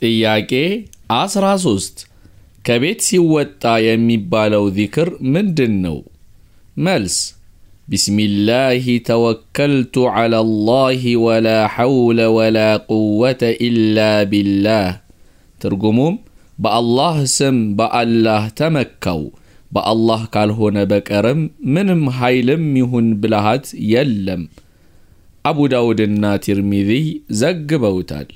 ጥያቄ 13 ከቤት ሲወጣ የሚባለው ዚክር ምንድን ነው? መልስ بسم الله توكلت على الله ولا حول ولا قوة إلا بالله ترجموم በአላህ ስም በአላህ ተመካው በአላህ ካልሆነ በቀርም ምንም ኃይልም ይሁን ብልሃት የለም። አቡ ዳውድና ቲርሚዚ ዘግበውታል።